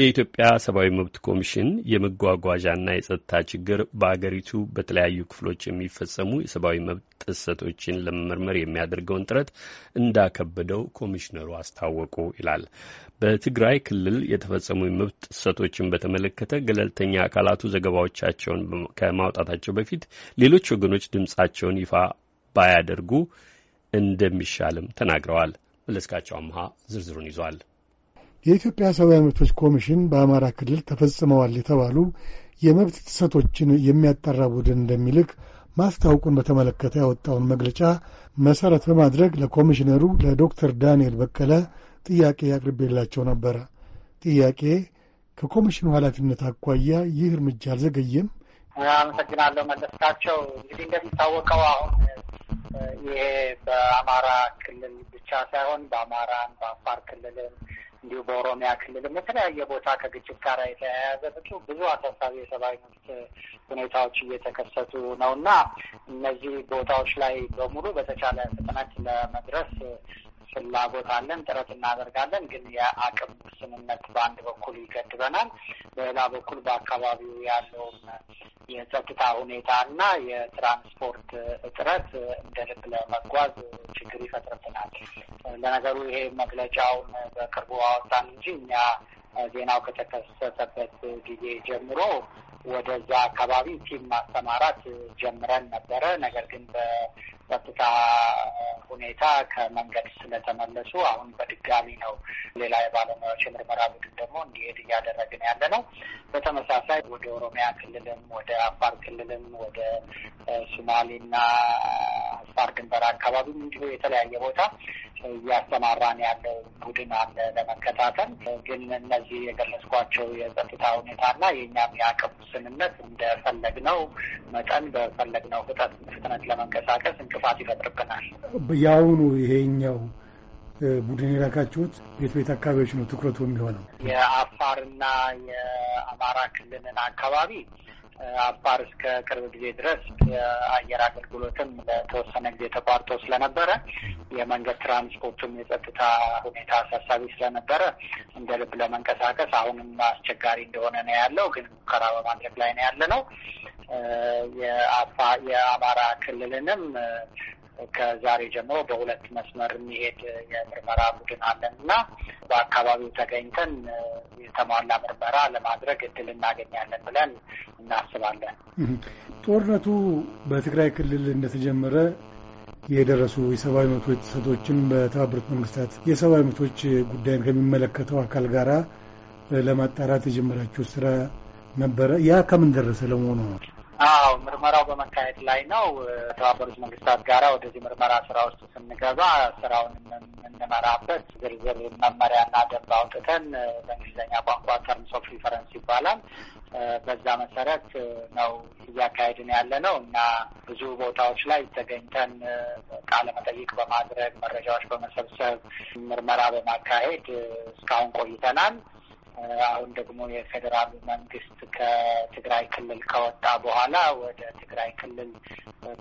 የኢትዮጵያ ሰብአዊ መብት ኮሚሽን የመጓጓዣና የጸጥታ ችግር በአገሪቱ በተለያዩ ክፍሎች የሚፈጸሙ የሰብአዊ መብት ጥሰቶችን ለመመርመር የሚያደርገውን ጥረት እንዳከበደው ኮሚሽነሩ አስታወቁ ይላል። በትግራይ ክልል የተፈጸሙ የመብት ጥሰቶችን በተመለከተ ገለልተኛ አካላቱ ዘገባዎቻቸውን ከማውጣታቸው በፊት ሌሎች ወገኖች ድምጻቸውን ይፋ ባያደርጉ እንደሚሻልም ተናግረዋል። መለስካቸው አምሃ ዝርዝሩን ይዟል። የኢትዮጵያ ሰብአዊ መብቶች ኮሚሽን በአማራ ክልል ተፈጽመዋል የተባሉ የመብት ጥሰቶችን የሚያጠራ ቡድን እንደሚልክ ማስታወቁን በተመለከተ ያወጣውን መግለጫ መሠረት በማድረግ ለኮሚሽነሩ ለዶክተር ዳንኤል በቀለ ጥያቄ አቅርቤላቸው ነበረ። ጥያቄ ከኮሚሽኑ ኃላፊነት አኳያ ይህ እርምጃ አልዘገየም? አመሰግናለሁ መለስካቸው። እንግዲህ እንደሚታወቀው አሁን ይሄ በአማራ ክልል ብቻ ሳይሆን በአማራን በአፋር ክልልም እንዲሁ በኦሮሚያ ክልልም የተለያየ ቦታ ከግጭት ጋር የተያያዘ ብዙ ብዙ አሳሳቢ የሰብአዊ መብት ሁኔታዎች እየተከሰቱ ነው እና እነዚህ ቦታዎች ላይ በሙሉ በተቻለ ፍጥነት ለመድረስ ፍላጎት አለን፣ ጥረት እናደርጋለን። ግን የአቅም ውስንነት በአንድ በኩል ይገድበናል፣ በሌላ በኩል በአካባቢው ያለውን የጸጥታ ሁኔታ እና የትራንስፖርት እጥረት እንደ ልብ ለመጓዝ ችግር ይፈጥርብናል። ለነገሩ ይሄ መግለጫውን በቅርቡ አወጣን እንጂ እኛ ዜናው ከተከሰተበት ጊዜ ጀምሮ ወደዛ አካባቢ ቲም ማሰማራት ጀምረን ነበረ። ነገር ግን ጸጥታ ሁኔታ ከመንገድ ስለተመለሱ አሁን በድጋሚ ነው ሌላ የባለሙያዎች የምርመራ ቡድን ደግሞ እንዲሄድ እያደረግን ያለ ነው። በተመሳሳይ ወደ ኦሮሚያ ክልልም ወደ አፋር ክልልም ወደ ሱማሌና አፋር ድንበር አካባቢም እንዲሁ የተለያየ ቦታ እያስተማራን ያለው ቡድን አለ ለመከታተል። ግን እነዚህ የገለጽኳቸው የጸጥታ ሁኔታና የእኛም የአቅም ውስንነት እንደፈለግነው መጠን በፈለግነው ፍጠት ፍጥነት ለመንቀሳቀስ እንቅፋት ይፈጥርብናል። የአሁኑ ይሄኛው ቡድን የላካችሁት ቤት ቤት አካባቢዎች ነው ትኩረቱ የሚሆነው? የአፋርና የአማራ ክልልን አካባቢ አፋር እስከ ቅርብ ጊዜ ድረስ የአየር አገልግሎትም ለተወሰነ ጊዜ ተቋርጦ ስለነበረ የመንገድ ትራንስፖርቱም የጸጥታ ሁኔታ አሳሳቢ ስለነበረ እንደ ልብ ለመንቀሳቀስ አሁንም አስቸጋሪ እንደሆነ ነው ያለው። ግን ሙከራ በማድረግ ላይ ነው ያለ ነው። የአማራ ክልልንም ከዛሬ ጀምሮ በሁለት መስመር የሚሄድ የምርመራ ቡድን አለን እና በአካባቢው ተገኝተን የተሟላ ምርመራ ለማድረግ እድል እናገኛለን ብለን እናስባለን። ጦርነቱ በትግራይ ክልል እንደተጀመረ የደረሱ የሰብአዊ መብቶች ጥሰቶችን በተባበሩት መንግስታት የሰብአዊ መብቶች ጉዳይን ከሚመለከተው አካል ጋራ ለማጣራት የጀመራችሁት ስራ ነበረ። ያ ከምን ደረሰ ለመሆኑ? ምርመራው በመካሄድ ላይ ነው። ከተባበሩት መንግስታት ጋራ ወደዚህ ምርመራ ስራ ውስጥ ስንገባ ስራውን የምንመራበት ዝርዝር መመሪያና ደንብ አውጥተን በእንግሊዝኛ ቋንቋ ተርምስ ኦፍ ሪፈረንስ ይባላል። በዛ መሰረት ነው እያካሄድን ያለ ነው እና ብዙ ቦታዎች ላይ ተገኝተን ቃለ መጠይቅ በማድረግ መረጃዎች በመሰብሰብ ምርመራ በማካሄድ እስካሁን ቆይተናል። አሁን ደግሞ የፌዴራሉ መንግስት ከትግራይ ክልል ከወጣ በኋላ ወደ ትግራይ ክልል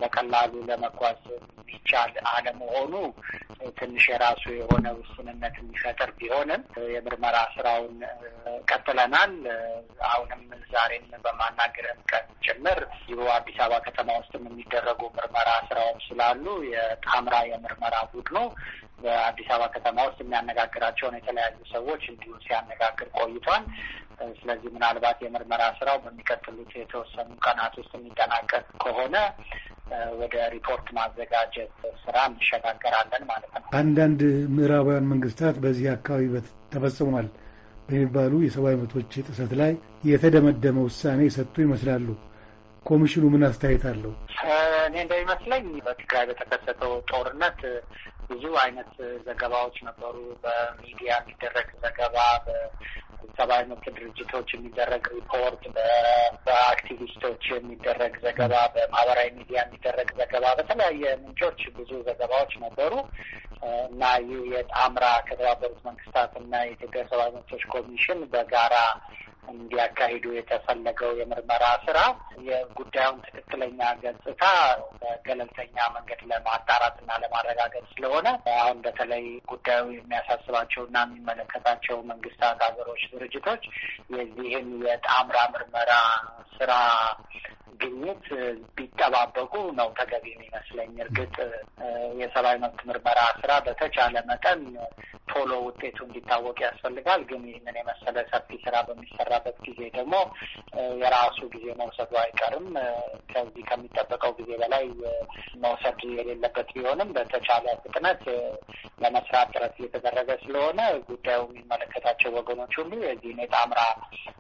በቀላሉ ለመጓዝ የሚቻል አለመሆኑ ትንሽ የራሱ የሆነ ውስንነት የሚፈጥር ቢሆንም የምርመራ ስራውን ቀጥለናል። አሁንም ዛሬም በማናገርም ቀን ጭምር ይሁ አዲስ አበባ ከተማ ውስጥም የሚደረጉ ምርመራ ስራዎች ስላሉ የጣምራ የምርመራ ቡድኑ በአዲስ አበባ ከተማ ውስጥ የሚያነጋግራቸውን የተለያዩ ሰዎች እንዲሁ ሲያነጋግር ቆይቷል። ስለዚህ ምናልባት የምርመራ ስራው በሚቀጥሉት የተወሰኑ ቀናት ውስጥ የሚጠናቀቅ ከሆነ ወደ ሪፖርት ማዘጋጀት ስራ እንሸጋገራለን ማለት ነው። አንዳንድ ምዕራባውያን መንግስታት በዚህ አካባቢ ተፈጽሟል በሚባሉ የሰብአዊ መብቶች ጥሰት ላይ የተደመደመ ውሳኔ የሰጡ ይመስላሉ። ኮሚሽኑ ምን አስተያየት አለው? እኔ እንደሚመስለኝ በትግራይ በተከሰተው ጦርነት ብዙ አይነት ዘገባዎች ነበሩ። በሚዲያ የሚደረግ ዘገባ፣ በሰብአዊ መብት ድርጅቶች የሚደረግ ሪፖርት፣ በአክቲቪስቶች የሚደረግ ዘገባ፣ በማህበራዊ ሚዲያ የሚደረግ ዘገባ፣ በተለያየ ምንጮች ብዙ ዘገባዎች ነበሩ እና ይህ የጣምራ ከተባበሩት መንግስታት እና የኢትዮጵያ ሰብአዊ መብቶች ኮሚሽን በጋራ እንዲያካሂዱ የተፈለገው የምርመራ ስራ የጉዳዩን ትክክለኛ ገጽታ በገለልተኛ መንገድ ለማጣራት እና ለማረጋገጥ ስለሆነ አሁን በተለይ ጉዳዩ የሚያሳስባቸው እና የሚመለከታቸው መንግስታት፣ ሀገሮች፣ ድርጅቶች የዚህን የጣምራ ምርመራ ስራ ለማግኘት ቢጠባበቁ ነው ተገቢ የሚመስለኝ። እርግጥ የሰብአዊ መብት ምርመራ ስራ በተቻለ መጠን ቶሎ ውጤቱ እንዲታወቅ ያስፈልጋል። ግን ይህንን የመሰለ ሰፊ ስራ በሚሰራበት ጊዜ ደግሞ የራሱ ጊዜ መውሰዱ አይቀርም። ከዚህ ከሚጠበቀው ጊዜ በላይ መውሰድ የሌለበት ቢሆንም በተቻለ ፍጥነት ለመስራት ጥረት እየተደረገ ስለሆነ ጉዳዩ የሚመለከታቸው ወገኖች ሁሉ የዚህን የጣምራ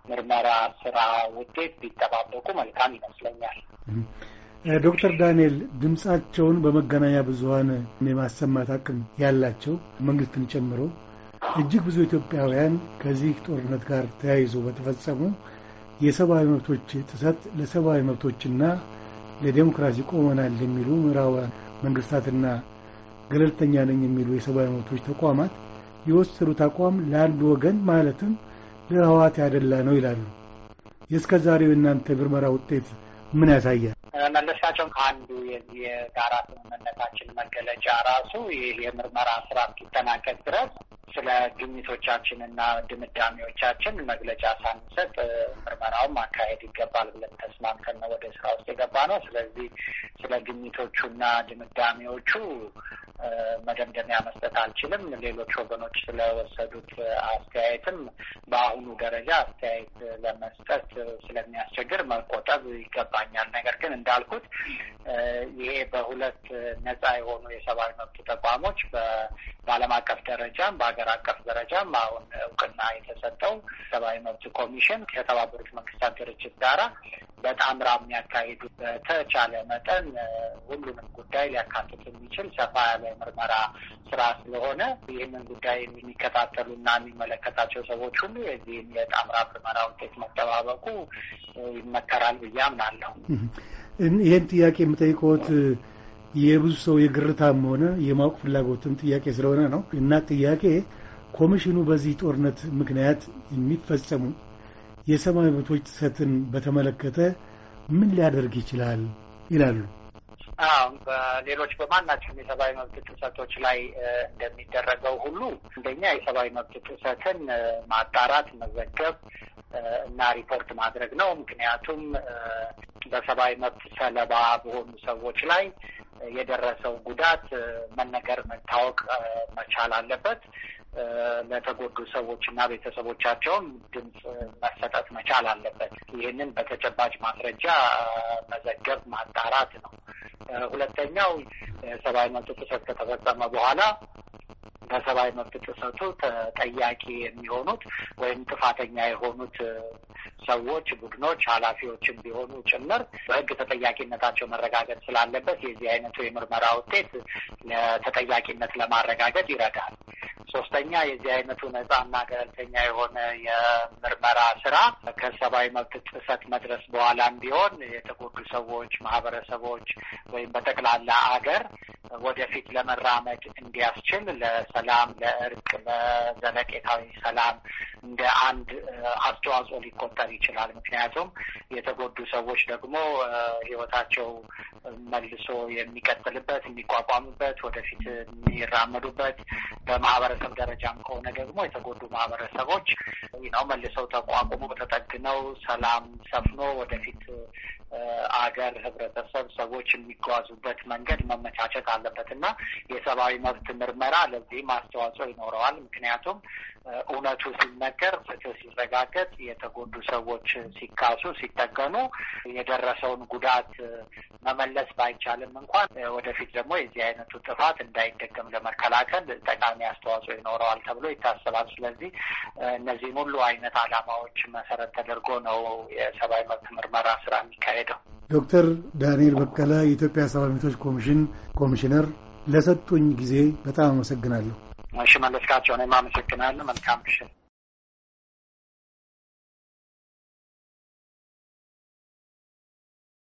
ምርመራ ስራ ውጤት ቢጠባበቁ መልካም ይመስለኛል። ይገኛል። ዶክተር ዳንኤል ድምፃቸውን በመገናኛ ብዙኃን የማሰማት አቅም ያላቸው መንግስትን ጨምሮ እጅግ ብዙ ኢትዮጵያውያን ከዚህ ጦርነት ጋር ተያይዞ በተፈጸሙ የሰብአዊ መብቶች ጥሰት ለሰብአዊ መብቶችና ለዴሞክራሲ ቆመናል የሚሉ ምዕራባውያን መንግስታትና ገለልተኛ ነኝ የሚሉ የሰብአዊ መብቶች ተቋማት የወሰዱት አቋም ለአንድ ወገን ማለትም ለህዋት ያደላ ነው ይላሉ። የእስከ ዛሬው የእናንተ ምርመራ ውጤት ምን ያሳያል? መለሻቸው ከአንዱ የጋራ ስምምነታችን መገለጫ ራሱ ይህ የምርመራ ስራ እስኪጠናቀቅ ድረስ ስለ ግኝቶቻችንና ድምዳሜዎቻችን መግለጫ ሳንሰጥ ምርመራውን ማካሄድ ይገባል ብለን ተስማምተን ነው ወደ ስራ ውስጥ የገባ ነው። ስለዚህ ስለ ግኝቶቹና ድምዳሜዎቹ መደምደሚያ መስጠት አልችልም። ሌሎች ወገኖች ስለወሰዱት አስተያየትም በአሁኑ ደረጃ አስተያየት ለመስጠት ስለሚያስቸግር መቆጠብ ይገባኛል። ነገር ግን እንዳልኩት ይሄ በሁለት ነጻ የሆኑ የሰብአዊ መብት ተቋሞች በዓለም አቀፍ ደረጃም በሀገር በሀገር አቀፍ ደረጃም አሁን እውቅና የተሰጠው ሰብአዊ መብት ኮሚሽን ከተባበሩት መንግስታት ድርጅት ጋራ በጣምራ የሚያካሂዱ በተቻለ መጠን ሁሉንም ጉዳይ ሊያካትት የሚችል ሰፋ ያለ ምርመራ ስራ ስለሆነ ይህንን ጉዳይ የሚከታተሉና የሚመለከታቸው ሰዎች ሁሉ የዚህም የጣምራ ምርመራ ውጤት መጠባበቁ ይመከራል ብዬ አምናለሁ። ይህን ጥያቄ የምጠይቅዎት የብዙ ሰው የግርታም ሆነ የማወቅ ፍላጎትም ጥያቄ ስለሆነ ነው እና ጥያቄ ኮሚሽኑ በዚህ ጦርነት ምክንያት የሚፈጸሙ የሰብአዊ መብቶች ጥሰትን በተመለከተ ምን ሊያደርግ ይችላል ይላሉ። በሌሎች በማናቸውም የሰብአዊ መብት ጥሰቶች ላይ እንደሚደረገው ሁሉ አንደኛ የሰብአዊ መብት ጥሰትን ማጣራት፣ መዘገብ እና ሪፖርት ማድረግ ነው። ምክንያቱም በሰብአዊ መብት ሰለባ በሆኑ ሰዎች ላይ የደረሰው ጉዳት መነገር መታወቅ መቻል አለበት። ለተጎዱ ሰዎች እና ቤተሰቦቻቸውም ድምፅ መሰጠት መቻል አለበት። ይህንን በተጨባጭ ማስረጃ መዘገብ ማጣራት ነው። ሁለተኛው የሰብአዊ መብት ጥሰት ከተፈጸመ በኋላ በሰብአዊ መብት ጥሰቱ ተጠያቂ የሚሆኑት ወይም ጥፋተኛ የሆኑት ሰዎች፣ ቡድኖች፣ ኃላፊዎችም ቢሆኑ ጭምር በህግ ተጠያቂነታቸው መረጋገጥ ስላለበት የዚህ አይነቱ የምርመራ ውጤት ለተጠያቂነት ለማረጋገጥ ይረዳል። ሶስተኛ የዚህ አይነቱ ነጻና ገለልተኛ የሆነ የምርመራ ስራ ከሰብአዊ መብት ጥሰት መድረስ በኋላም ቢሆን የተጎዱ ሰዎች፣ ማህበረሰቦች ወይም በጠቅላላ አገር ወደፊት ለመራመድ እንዲያስችል ለሰላም፣ ለእርቅ፣ ለዘለቄታዊ ሰላም እንደ አንድ አስተዋጽኦ ሊቆጠር ይችላል። ምክንያቱም የተጎዱ ሰዎች ደግሞ ህይወታቸው መልሶ የሚቀጥልበት የሚቋቋምበት፣ ወደፊት የሚራመዱበት በማህበረሰብ ደረጃም ከሆነ ደግሞ የተጎዱ ማህበረሰቦች ነው መልሰው ተቋቁሞ ተጠግነው ሰላም ሰፍኖ ወደፊት አገር፣ ህብረተሰብ፣ ሰዎች የሚጓዙበት መንገድ መመቻቸት አለበት እና የሰብአዊ መብት ምርመራ ለዚህም አስተዋጽኦ ይኖረዋል። ምክንያቱም እውነቱ ሲነገር፣ ፍትህ ሲረጋገጥ፣ የተጎዱ ሰዎች ሲካሱ፣ ሲጠገኑ የደረሰውን ጉዳት መመለስ ባይቻልም እንኳን ወደፊት ደግሞ የዚህ አይነቱ ጥፋት እንዳይደገም ለመከላከል ጠቃሚ አስተዋጽኦ ይኖረዋል ተብሎ ይታሰባል። ስለዚህ እነዚህን ሁሉ አይነት አላማዎች መሰረት ተደርጎ ነው የሰብአዊ መብት ምርመራ ስራ የሚካሄድ የሚካሄደው። ዶክተር ዳንኤል በቀለ የኢትዮጵያ ሰብአዊ መብቶች ኮሚሽን ኮሚሽነር፣ ለሰጡኝ ጊዜ በጣም አመሰግናለሁ። እሺ መለስካቸው፣ እኔም አመሰግናለሁ። መልካም ምሽት።